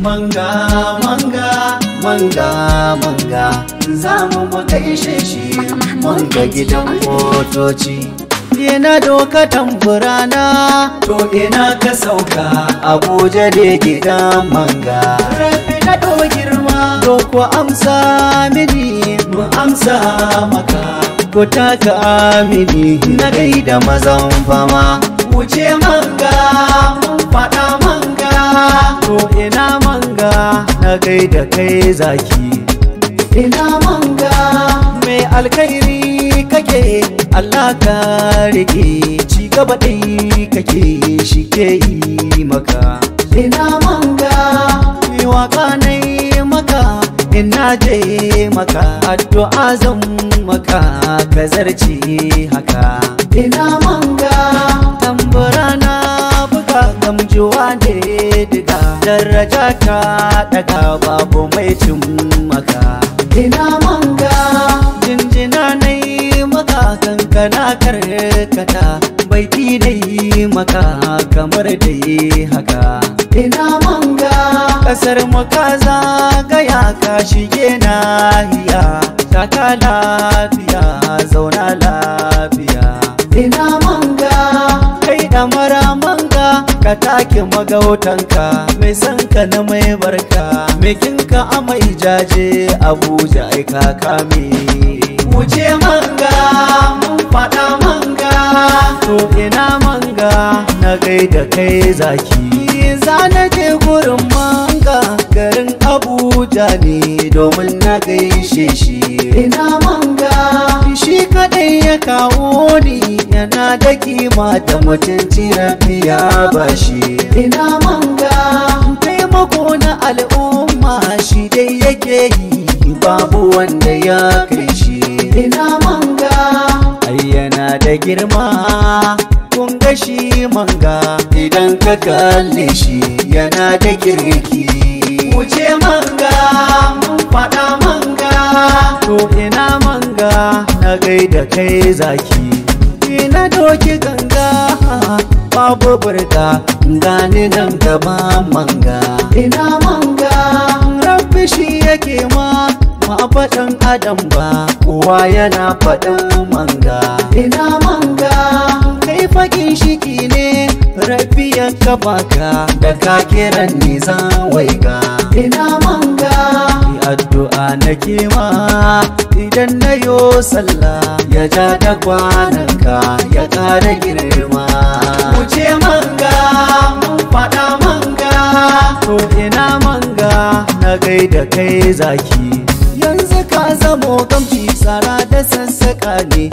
Manga manga manga manga za mu mu gaishe shi manga gidan motoci. Ina doka tamburana to ina ka sauka Abuja da gidan manga. Rafi na do girma to ku amsa mini mu amsa maka. Ku taka Amini. na gaida mazan fama. Wuce manga kai da kai zaki ina manga mai alkhairi kake Allah ka rike ci gaba dai kake shi ke yi maka ina manga mai waka nai maka ina je maka addu'a zan maka kazarci haka ina manga na ka gamjuwa ne diga daraja ta daga babu mai cin maka ina manga jinjina nai maka kankana karkata baiti dai maka kamar yi haka ina manga kasar maka zagaya ka shige nahiya ta lafiya ka take magautanka mai san ka na mai barka mekinka amai jaje abuja ai ka kame mu manga mun faɗa manga to ina manga na gaida kai zaki za na je gurin manga garin abuja ne domin na gaishe shi kai ya kawo ni yana da kima da mutunci ya ba shi ina manga taimako na al'umma shi dai yake yi babu wanda ya kai shi ina manga ai yana da girma kun ga shi manga idan ka kalle shi yana da kirki wuce manga faɗa manga to ina na da kai zaki ina doki ganga babu burga gani nan gaba manga ina manga rabbi shi yake ma ma faɗin adam ba kowa yana faɗin manga ina manga kai fakin shiki ne rabbi yanka baka da ka kiran ni zan waiga ina manga addu'a nake ma idan na yo sallah ya ja da kwananka ya ƙara girma wuce manga mun faɗa manga to ina manga na gaida kai zaki yanzu ka zamo kamci tsara da sassaƙa ne